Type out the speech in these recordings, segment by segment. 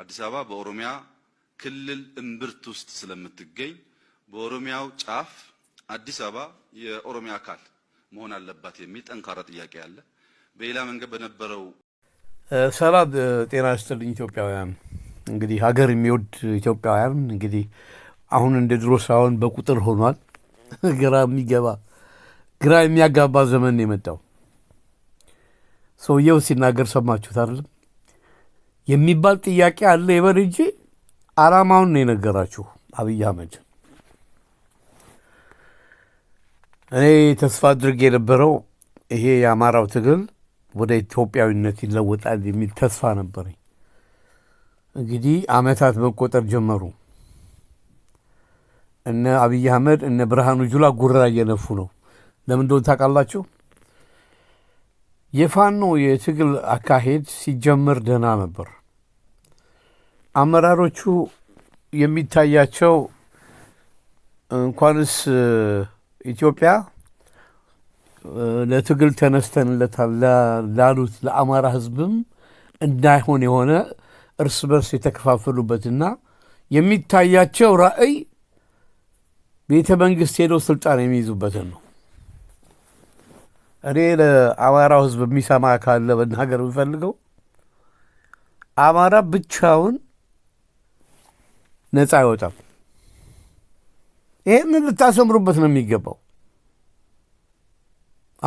አዲስ አበባ በኦሮሚያ ክልል እምብርት ውስጥ ስለምትገኝ በኦሮሚያው ጫፍ አዲስ አበባ የኦሮሚያ አካል መሆን አለባት የሚል ጠንካራ ጥያቄ አለ። በሌላ መንገድ በነበረው ሰላም ጤና ይስጥልኝ ኢትዮጵያውያን። እንግዲህ ሀገር የሚወድ ኢትዮጵያውያን እንግዲህ አሁን እንደ ድሮ ሳይሆን በቁጥር ሆኗል። ግራ የሚገባ ግራ የሚያጋባ ዘመን ነው የመጣው። ሰውየው ሲናገር ሰማችሁት አይደለም? የሚባል ጥያቄ አለ ይበል እንጂ አላማውን ነው የነገራችሁ አብይ አህመድ። እኔ ተስፋ አድርጌ የነበረው ይሄ የአማራው ትግል ወደ ኢትዮጵያዊነት ይለወጣል የሚል ተስፋ ነበረኝ። እንግዲህ አመታት መቆጠር ጀመሩ። እነ አብይ አህመድ እነ ብርሃኑ ጁላ ጉራ እየነፉ ነው። ለምን እንደሆነ ታውቃላችሁ? የፋኖ የትግል አካሄድ ሲጀመር ደህና ነበር። አመራሮቹ የሚታያቸው እንኳንስ ኢትዮጵያ ለትግል ተነስተንለታል ላሉት ለአማራ ህዝብም እንዳይሆን የሆነ እርስ በርስ የተከፋፈሉበትና የሚታያቸው ራዕይ ቤተ መንግስት ሄዶ ስልጣን የሚይዙበትን ነው። እኔ ለአማራው ህዝብ የሚሰማ ካለ መናገር የሚፈልገው አማራ ብቻውን ነፃ አይወጣም። ይህንን ልታሰምሩበት ነው የሚገባው።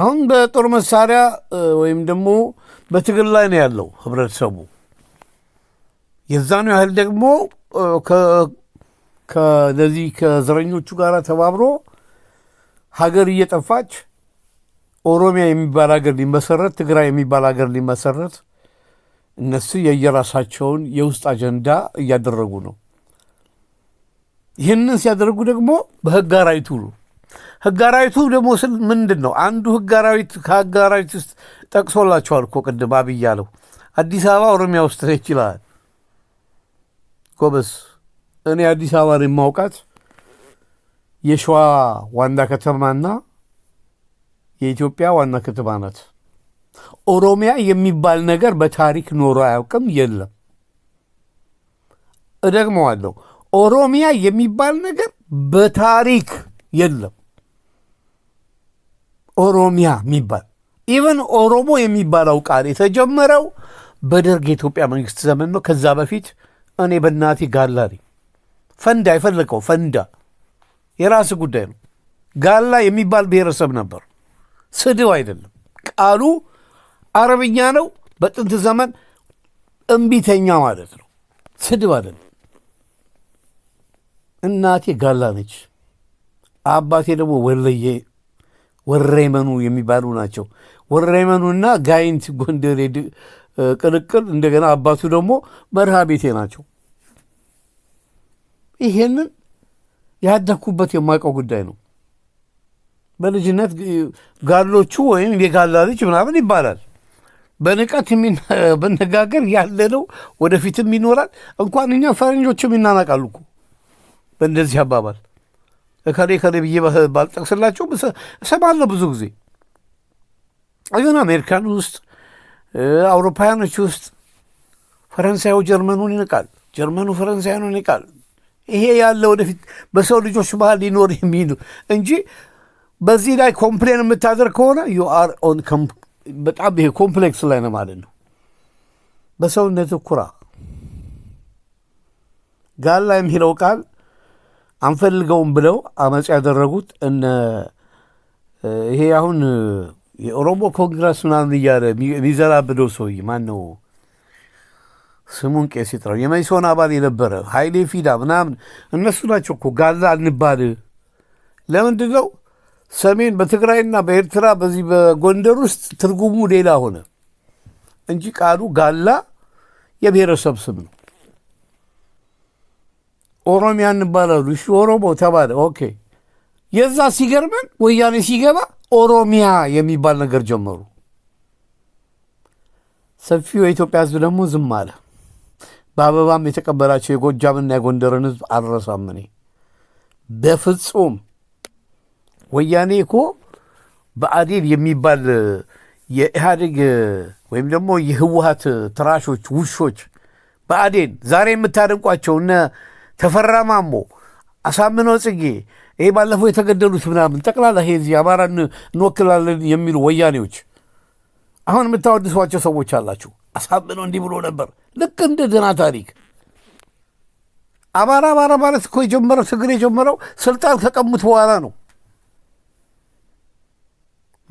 አሁን በጦር መሳሪያ ወይም ደግሞ በትግል ላይ ነው ያለው ህብረተሰቡ። የዛኑ ያህል ደግሞ ከነዚህ ከዘረኞቹ ጋር ተባብሮ ሀገር እየጠፋች ኦሮሚያ የሚባል ሀገር ሊመሰረት፣ ትግራይ የሚባል ሀገር ሊመሰረት እነሱ የየራሳቸውን የውስጥ አጀንዳ እያደረጉ ነው። ይህንን ሲያደርጉ ደግሞ በህግ አራዊቱ ህግ አራዊቱ ደግሞ ስል ምንድን ነው? አንዱ ህግ አራዊት ከህግ አራዊት ውስጥ ጠቅሶላቸዋል እኮ ቅድም አብይ አለው አዲስ አበባ ኦሮሚያ ውስጥ ነች ይችላል። ጎበስ እኔ አዲስ አበባን የማውቃት የሸዋ ዋና ከተማና የኢትዮጵያ ዋና ከተማ ናት። ኦሮሚያ የሚባል ነገር በታሪክ ኖሮ አያውቅም፣ የለም። እደግመዋለሁ ኦሮሚያ የሚባል ነገር በታሪክ የለም። ኦሮሚያ የሚባል ኢቨን ኦሮሞ የሚባለው ቃል የተጀመረው በደርግ የኢትዮጵያ መንግስት ዘመን ነው። ከዛ በፊት እኔ በእናቴ ጋላ ፈንዳ የፈለቀው ፈንዳ የራስ ጉዳይ ነው። ጋላ የሚባል ብሔረሰብ ነበር። ስድብ አይደለም። ቃሉ አረብኛ ነው። በጥንት ዘመን እምቢተኛ ማለት ነው። ስድብ አይደለም። እናቴ ጋላ ነች፣ አባቴ ደግሞ ወለየ ወረመኑ የሚባሉ ናቸው። ወረመኑና ጋይንት ጎንደሬ ቅልቅል፣ እንደገና አባቱ ደግሞ መርሃ ቤቴ ናቸው። ይሄንን ያደግኩበት የማውቀው ጉዳይ ነው። በልጅነት ጋሎቹ ወይም የጋላ ልጅ ምናምን ይባላል። በንቀት ያለ ያለነው ወደፊትም ይኖራል። እንኳን እኛ ፈረንጆችም ይናናቃሉ እኮ በእንደዚህ አባባል እከሌ እከሌ ብዬ ባልጠቅስላቸው እሰማለሁ ብዙ ጊዜ ግን አሜሪካን ውስጥ አውሮፓውያኖች ውስጥ ፈረንሳዩ ጀርመኑን ይንቃል፣ ጀርመኑ ፈረንሳያኑን ይንቃል። ይሄ ያለ ወደፊት በሰው ልጆች መሀል ሊኖር የሚሉ እንጂ በዚህ ላይ ኮምፕሌን የምታደርግ ከሆነ ዩ አር ኦን በጣም ይሄ ኮምፕሌክስ ላይ ነው ማለት ነው። በሰውነት ኩራ ጋላ የሚለው ቃል አንፈልገውም ብለው አመፅ ያደረጉት እነ ይሄ አሁን የኦሮሞ ኮንግረስ ምናምን እያለ የሚዘላብደው ሰውዬ ማን ነው ስሙን? ቄስ ይጥራው የመይሶን አባል የነበረ ሀይሌ ፊዳ ምናምን እነሱ ናቸው እኮ ጋላ አንባል? ለምንድ ነው ሰሜን በትግራይና በኤርትራ በዚህ በጎንደር ውስጥ ትርጉሙ ሌላ ሆነ እንጂ ቃሉ ጋላ የብሔረሰብ ስም ነው። ኦሮሚያ እንባላሉ። እሺ ኦሮሞ ተባለ። ኦኬ የዛ ሲገርመን ወያኔ ሲገባ ኦሮሚያ የሚባል ነገር ጀመሩ። ሰፊው የኢትዮጵያ ሕዝብ ደግሞ ዝም አለ። በአበባም የተቀበላቸው የጎጃምና የጎንደርን ሕዝብ አልረሳም። እኔ በፍጹም ወያኔ እኮ ብአዴን የሚባል የኢህአዴግ ወይም ደግሞ የህወሀት ትራሾች፣ ውሾች በአዴን ዛሬ የምታደንቋቸው እነ ተፈራ ማሞ፣ አሳምነው ጽጌ ይሄ ባለፈው የተገደሉት ምናምን ጠቅላላ ይሄ እዚህ አማራን እንወክላለን የሚሉ ወያኔዎች አሁን የምታወድሷቸው ሰዎች አላችሁ። አሳምነው እንዲህ ብሎ ነበር። ልክ እንደ ድና ታሪክ አማራ አማራ ማለት እኮ የጀመረው ትግል የጀመረው ስልጣን ከቀሙት በኋላ ነው።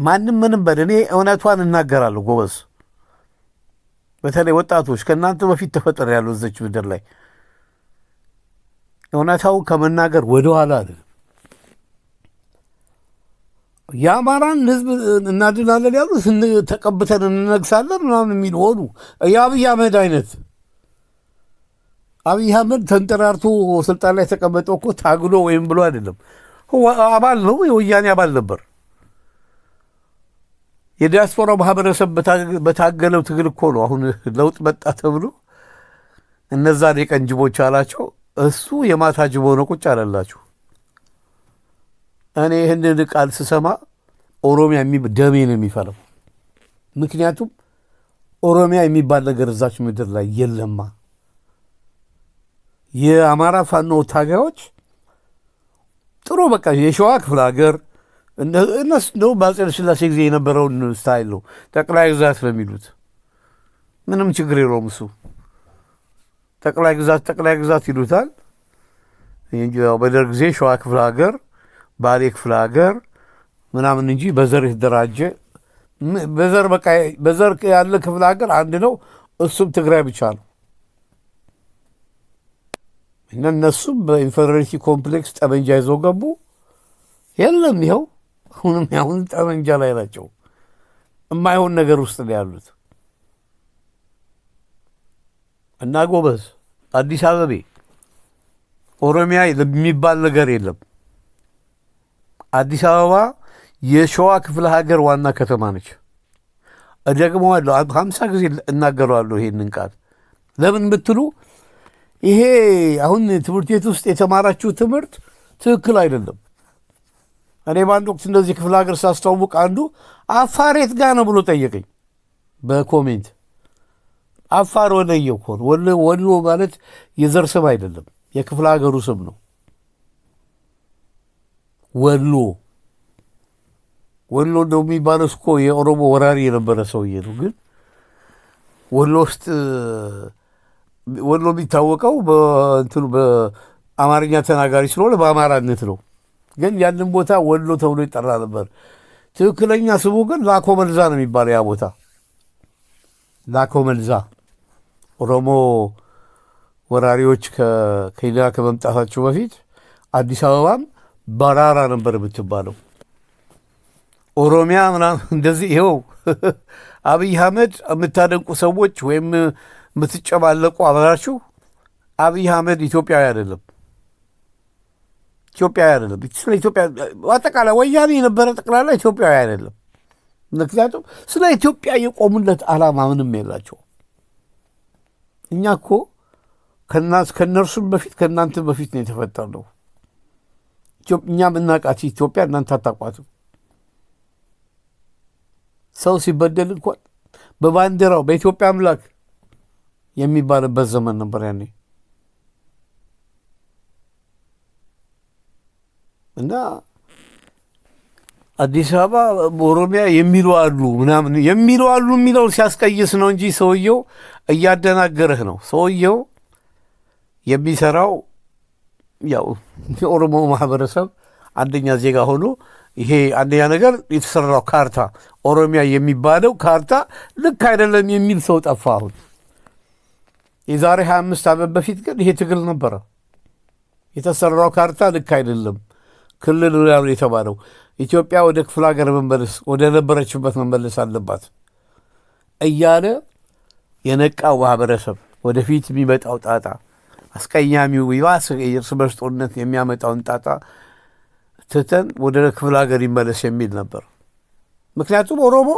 ማንም ምንም በል እኔ እውነቷን እናገራለሁ ጎበዝ። በተለይ ወጣቶች ከእናንተ በፊት ተፈጠር ያለው እዘች ምድር ላይ እውነታውን ከመናገር ወደኋላ አለ። የአማራን ህዝብ እናድናለን ያሉ ተቀብተን እንነግሳለን ምናምን የሚል ሆኑ። የአብይ አህመድ አይነት አብይ አህመድ ተንጠራርቶ ስልጣን ላይ ተቀመጠው እኮ ታግሎ ወይም ብሎ አይደለም። አባል ነው፣ የወያኔ አባል ነበር። የዲያስፖራ ማህበረሰብ በታገለው ትግል እኮ ነው አሁን ለውጥ መጣ ተብሎ እነዛን የቀንጅቦች አላቸው እሱ የማታ ጅቦ ነው ቁጭ አለላችሁ። እኔ ይህንን ቃል ስሰማ ኦሮሚያ ደሜ ነው የሚፈለው። ምክንያቱም ኦሮሚያ የሚባል ነገር እዛች ምድር ላይ የለማ። የአማራ ፋኖ ታጋዮች ጥሩ በቃ የሸዋ ክፍለ ሀገር እነሱ እንደውም በአጼ ስላሴ ጊዜ የነበረውን ስታይል ነው ጠቅላይ ግዛት ነው የሚሉት። ምንም ችግር የለውም እሱ ጠቅላይ ግዛት ጠቅላይ ግዛት ይሉታል እንጂ በደርግ ጊዜ ሸዋ ክፍለ ሀገር፣ ባሌ ክፍለ ሀገር ምናምን እንጂ በዘር የተደራጀ በዘር በቃ በዘር ያለ ክፍለ ሀገር አንድ ነው። እሱም ትግራይ ብቻ ነው እና እነሱም በኢንፌሪዮሪቲ ኮምፕሌክስ ጠመንጃ ይዘው ገቡ። የለም ይኸው አሁንም ያሁን ጠመንጃ ላይ ናቸው። የማይሆን ነገር ውስጥ ነው ያሉት። እና ጎበዝ አዲስ አበቤ ኦሮሚያ የሚባል ነገር የለም። አዲስ አበባ የሸዋ ክፍለ ሀገር ዋና ከተማ ነች። እደግመዋለሁ፣ ሀምሳ ጊዜ እናገረዋለሁ ይሄንን ቃል። ለምን ብትሉ ይሄ አሁን ትምህርት ቤት ውስጥ የተማራችሁ ትምህርት ትክክል አይደለም። እኔ በአንድ ወቅት እንደዚህ ክፍለ ሀገር ሳስተዋውቅ አንዱ አፋሬት ጋር ነው ብሎ ጠየቀኝ በኮሜንት አፋር ወሎዬ እኮ ነው። ወሎ ማለት የዘር ስም አይደለም፣ የክፍለ ሀገሩ ስም ነው። ወሎ ወሎ እንደው የሚባለው እስኮ የኦሮሞ ወራሪ የነበረ ሰውዬ ነው። ግን ወሎ ውስጥ ወሎ የሚታወቀው በእንትኑ በአማርኛ ተናጋሪ ስለሆነ በአማራነት ነው። ግን ያንን ቦታ ወሎ ተብሎ ይጠራ ነበር። ትክክለኛ ስሙ ግን ላኮ መልዛ ነው የሚባለው ያ ቦታ ላኮ መልዛ ኦሮሞ ወራሪዎች ከኬንያ ከመምጣታቸው በፊት አዲስ አበባም በራራ ነበር የምትባለው። ኦሮሚያ ምናምን እንደዚህ ይኸው አብይ አህመድ የምታደንቁ ሰዎች ወይም የምትጨማለቁ አበራችሁ፣ አብይ አህመድ ኢትዮጵያዊ አይደለም። ኢትዮጵያዊ አይደለም። ስለ ኢትዮጵያ አጠቃላይ ወያኔ የነበረ ጠቅላላ ኢትዮጵያዊ አይደለም። ምክንያቱም ስለ ኢትዮጵያ የቆሙለት አላማ ምንም የላቸው። እኛ እኮ ከእነርሱም በፊት ከእናንተ በፊት ነው የተፈጠርነው። እኛ የምናውቃት ኢትዮጵያ እናንተ አታውቋትም። ሰው ሲበደል እንኳን በባንዲራው በኢትዮጵያ አምላክ የሚባልበት ዘመን ነበር ያኔ እና አዲስ አበባ ኦሮሚያ የሚሉ አሉ ምናምን የሚሉ አሉ የሚለው ሲያስቀይስ ነው እንጂ ሰውየው እያደናገረህ ነው። ሰውየው የሚሰራው ያው የኦሮሞ ማህበረሰብ አንደኛ ዜጋ ሆኖ ይሄ አንደኛ ነገር የተሰራው ካርታ ኦሮሚያ የሚባለው ካርታ ልክ አይደለም የሚል ሰው ጠፋ። አሁን የዛሬ 2አምስት ዓመት በፊት ግን ይሄ ትግል ነበረ። የተሰራው ካርታ ልክ አይደለም ክልል ነው የተባለው። ኢትዮጵያ ወደ ክፍለ ሀገር መመለስ ወደ ነበረችበት መመለስ አለባት እያለ የነቃው ማህበረሰብ ወደፊት የሚመጣው ጣጣ አስቀያሚው የዋስ የእርስ በርስ ጦርነት የሚያመጣውን ጣጣ ትተን ወደ ክፍለ ሀገር ይመለስ የሚል ነበር። ምክንያቱም ኦሮሞ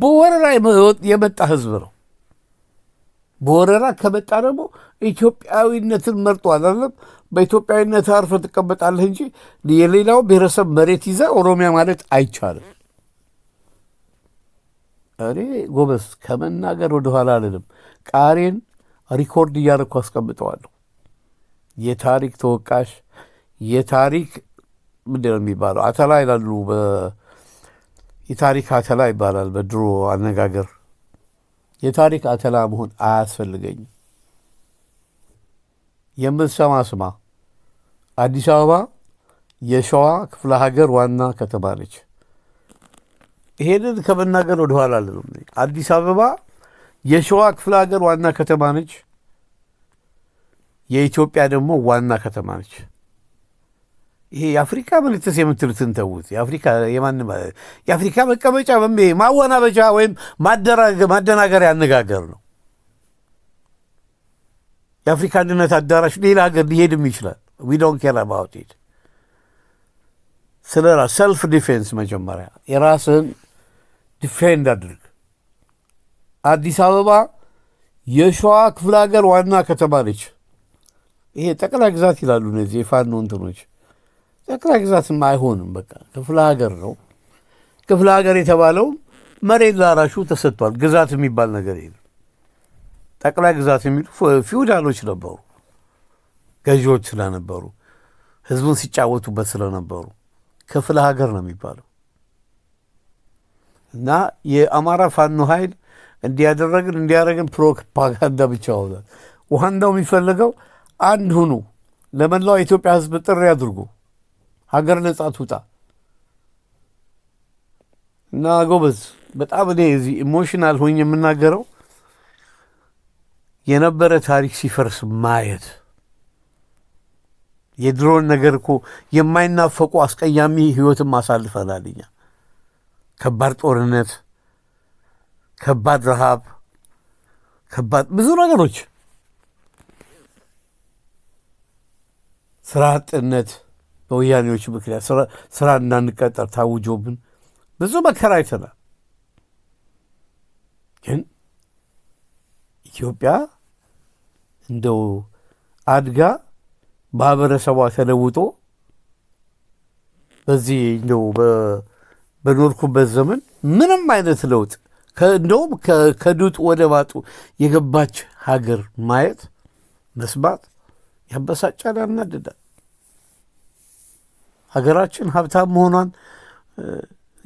በወረራ የመጣ ህዝብ ነው። በወረራ ከመጣ ደግሞ ኢትዮጵያዊነትን መርጦ አላለም። በኢትዮጵያዊነት አርፈ ትቀመጣለህ እንጂ የሌላው ብሔረሰብ መሬት ይዘ ኦሮሚያ ማለት አይቻልም። እኔ ጎበዝ ከመናገር ወደኋላ አልልም። ቃሬን ሪኮርድ እያደረኩ አስቀምጠዋለሁ። የታሪክ ተወቃሽ የታሪክ ምንድን ነው የሚባለው? አተላ ይላሉ። የታሪክ አተላ ይባላል በድሮ አነጋገር የታሪክ አተላ መሆን አያስፈልገኝም። የምትሰማ ስማ። አዲስ አበባ የሸዋ ክፍለ ሀገር ዋና ከተማ ነች። ይሄንን ከመናገር ወደኋላ አልልም። አዲስ አበባ የሸዋ ክፍለ ሀገር ዋና ከተማ ነች። የኢትዮጵያ ደግሞ ዋና ከተማ ነች። ይሄ የአፍሪካ ምልትስ የምትሉትን ተዉት። የአፍሪካ የማንም የአፍሪካ መቀመጫ ማወናበጃ ወይም ማደናገር ያነጋገር ነው። የአፍሪካ አንድነት አዳራሽ ሌላ ሀገር ሊሄድም ይችላል። ዊ ዶንት ኬር አባውት ኢት። ስለ ራስ ሰልፍ ዲፌንስ መጀመሪያ የራስን ዲፌንድ አድርግ። አዲስ አበባ የሸዋ ክፍለ ሀገር ዋና ከተማ ነች። ይሄ ጠቅላይ ግዛት ይላሉ እነዚህ የፋኖ እንትኖች ጠቅላይ ግዛትም አይሆንም። በቃ ክፍለ ሀገር ነው። ክፍለ ሀገር የተባለው መሬት ላራሹ ተሰጥቷል። ግዛት የሚባል ነገር የለም። ጠቅላይ ግዛት የሚሉ ፊውዳሎች ነበሩ፣ ገዢዎች ስለነበሩ ህዝቡን ሲጫወቱበት ስለነበሩ ክፍለ ሀገር ነው የሚባለው። እና የአማራ ፋኖ ኃይል እንዲያደረግን እንዲያደረግን ፕሮፓጋንዳ ብቻ ሆናል። ዋናው የሚፈልገው አንድ ሁኑ፣ ለመላው የኢትዮጵያ ህዝብ ጥሪ አድርጉ። ሀገር ነጻ ትውጣ እና ጎበዝ በጣም እኔ እዚህ ኢሞሽናል ሆኝ የምናገረው የነበረ ታሪክ ሲፈርስ ማየት የድሮን ነገር እኮ የማይናፈቁ አስቀያሚ ህይወትም አሳልፈናል እኛ። ከባድ ጦርነት፣ ከባድ ረሃብ፣ ከባድ ብዙ ነገሮች፣ ስራ አጥነት በወያኔዎች ምክንያት ስራ እንዳንቀጠር ታውጆብን ብዙ መከራ አይተናል። ግን ኢትዮጵያ እንደው አድጋ ማህበረሰቧ ተለውጦ በዚህ እንደው በኖርኩበት ዘመን ምንም አይነት ለውጥ እንደውም ከድጡ ወደ ባጡ የገባች ሀገር ማየት መስማት ያበሳጫል፣ ያናድዳል። ሀገራችን ሀብታም መሆኗን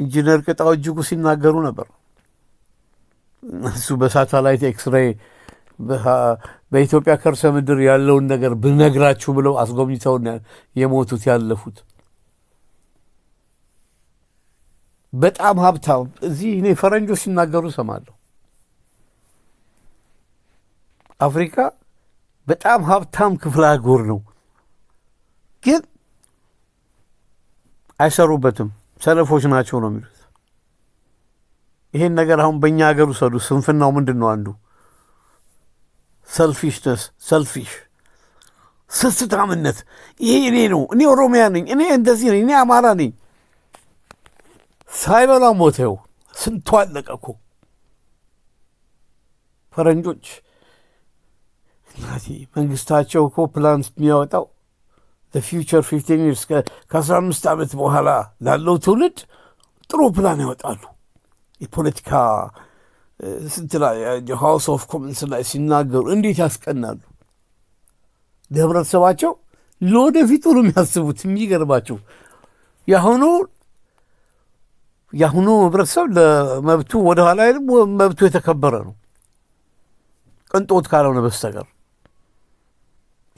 ኢንጂነር ቅጣው እጅጉ ሲናገሩ ነበር። እሱ በሳተላይት ኤክስሬይ በኢትዮጵያ ከርሰ ምድር ያለውን ነገር ብነግራችሁ ብለው አስጎብኝተው የሞቱት ያለፉት በጣም ሀብታም እዚህ እኔ ፈረንጆች ሲናገሩ ሰማለሁ። አፍሪካ በጣም ሀብታም ክፍለ አህጉር ነው ግን አይሰሩበትም፣ ሰለፎች ናቸው ነው የሚሉት። ይሄን ነገር አሁን በእኛ ሀገር ውሰዱ። ስንፍናው ምንድን ነው? አንዱ ሰልፊሽነስ፣ ሰልፊሽ ስስታምነት። ይሄ እኔ ነው፣ እኔ ኦሮሚያ ነኝ፣ እኔ እንደዚህ ነኝ፣ እኔ አማራ ነኝ። ሳይበላ ሞተው ስንቱ አለቀ እኮ ፈረንጆች መንግስታቸው እኮ ፕላን የሚያወጣው ፊውቸር ፊፍቲን ይርስ ከአስራ አምስት ዓመት በኋላ ላለው ትውልድ ጥሩ ፕላን ያወጣሉ። የፖለቲካ ስንትና ሃውስ ኦፍ ኮመንስ ላይ ሲናገሩ እንዴት ያስቀናሉ ለህብረተሰባቸው ለወደፊቱ ነው የሚያስቡት። የሚገርባቸው የአሁኑ የአሁኑ ህብረተሰብ ለመብቱ ወደኋላ አይልም። መብቱ የተከበረ ነው ቅንጦት ካልሆነ በስተቀር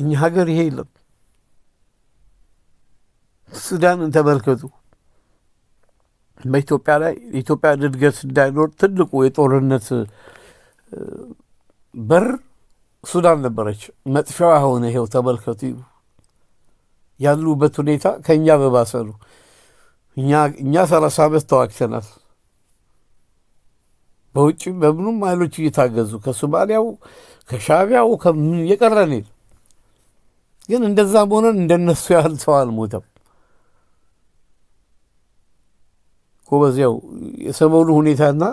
እኛ ሀገር ይሄ የለም። ሱዳንን ተመልከቱ። በኢትዮጵያ ላይ የኢትዮጵያን እድገት እንዳይኖር ትልቁ የጦርነት በር ሱዳን ነበረች። መጥፊያዋ ሆነ። ይኸው ተመልከቱ። ያሉበት ሁኔታ ከእኛ በባሰ ነው። እኛ ሰላሳ ዓመት ተዋግተናል። በውጭ በምኑም ኃይሎች እየታገዙ ከሶማሊያው ከሻቢያው የቀረን ግን እንደዛም ሆነን እንደነሱ ያህል ሰው አልሞተም። ጎበዝ ያው የሰሞኑ ሁኔታና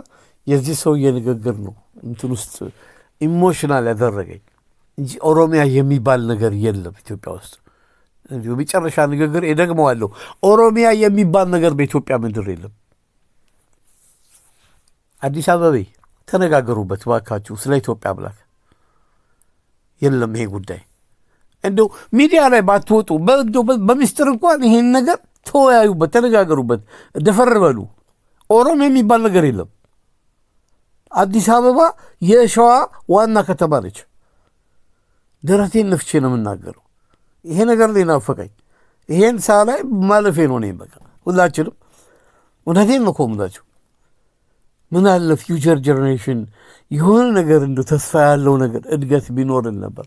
የዚህ ሰውዬ ንግግር ነው እንትን ውስጥ ኢሞሽናል ያደረገኝ እንጂ ኦሮሚያ የሚባል ነገር የለም ኢትዮጵያ ውስጥ። እንዲሁ መጨረሻ ንግግር እደግመዋለሁ። ኦሮሚያ የሚባል ነገር በኢትዮጵያ ምድር የለም። አዲስ አበቤ ተነጋገሩበት ባካችሁ፣ ስለ ኢትዮጵያ አምላክ የለም ይሄ ጉዳይ። እንዲሁ ሚዲያ ላይ ባትወጡ በምስጢር እንኳን ይሄን ነገር ተወያዩበት፣ ተነጋገሩበት፣ ደፈር በሉ። ኦሮም የሚባል ነገር የለም። አዲስ አበባ የሸዋ ዋና ከተማ ነች። ደረቴን ነፍቼ ነው የምናገረው። ይሄ ነገር ላይ ናፈቀኝ። ይሄን ሳ ላይ ማለፌ ነው። እኔም በቃ ሁላችንም እውነቴን ነው እኮ የምላችሁ። ምን አለ ፊውቸር ጀኔሬሽን የሆነ ነገር እንደ ተስፋ ያለው ነገር እድገት ቢኖርን ነበር።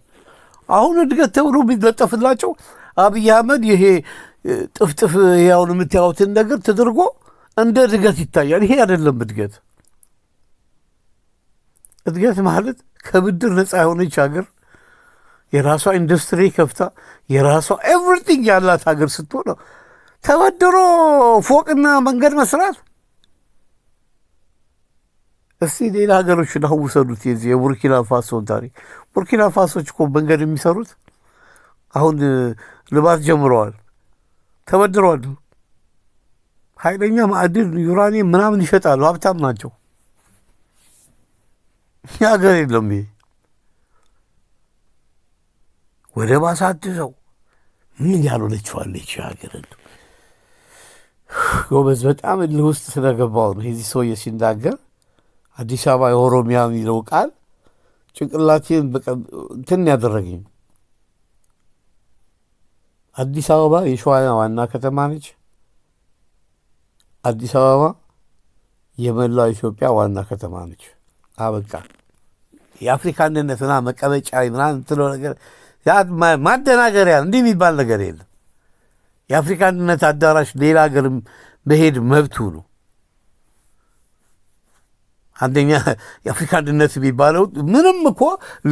አሁን እድገት ተብሎ የሚለጠፍላቸው አብይ አህመድ ይሄ ጥፍጥፍ ያውን የምታዩትን ነገር ተደርጎ እንደ እድገት ይታያል። ይሄ አይደለም እድገት። እድገት ማለት ከብድር ነፃ የሆነች ሀገር የራሷ ኢንዱስትሪ ከፍታ የራሷ ኤቭሪቲንግ ያላት ሀገር ስትሆን ነው። ተበድሮ ፎቅና መንገድ መስራት እስቲ ሌላ ሀገሮችን አውሰዱት። የዚህ የቡርኪና ፋሶን ታሪክ ቡርኪና ፋሶች እኮ መንገድ የሚሰሩት አሁን ልማት ጀምረዋል። ተበድረዋል። ኃይለኛ ማዕድን ዩራኒየም ምናምን ይሸጣሉ፣ ሀብታም ናቸው። የሀገር የለም ይሄ ወደብ አሳድሰው ምን ያልሆነችዋለች ሀገር ጎበዝ። በጣም እልህ ውስጥ ስለገባው ነው የዚህ ሰውዬ ሲናገር አዲስ አበባ የኦሮሚያ የሚለው ቃል ጭንቅላቴን እንትን ያደረገኝ አዲስ አበባ የሸዋ ዋና ከተማ ነች። አዲስ አበባ የመላው ኢትዮጵያ ዋና ከተማ ነች። አበቃ። የአፍሪካ አንድነት መቀመጫ ምናምን የምትለው ነገር ማደናገሪያ፣ እንዲህ የሚባል ነገር የለም። የአፍሪካ አንድነት አዳራሽ ሌላ ሀገር መሄድ መብቱ ነው። አንደኛ የአፍሪካ አንድነት የሚባለው ምንም እኮ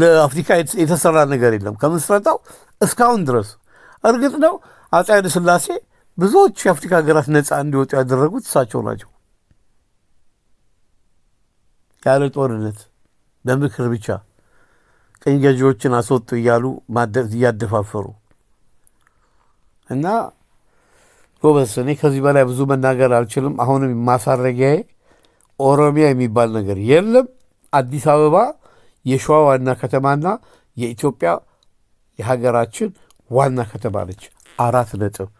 ለአፍሪካ የተሰራ ነገር የለም ከምስረታው እስካሁን ድረስ እርግጥ ነው አፄ ኃይለ ሥላሴ ብዙዎቹ የአፍሪካ ሀገራት ነፃ እንዲወጡ ያደረጉት እሳቸው ናቸው። ያለ ጦርነት በምክር ብቻ ቅኝ ገዢዎችን አስወጡ እያሉ እያደፋፈሩ እና ጎበስ፣ እኔ ከዚህ በላይ ብዙ መናገር አልችልም። አሁንም ማሳረጊያዬ ኦሮሚያ የሚባል ነገር የለም። አዲስ አበባ የሸዋ ዋና ከተማና የኢትዮጵያ የሀገራችን ዋና ከተባለች አራት ነጥብ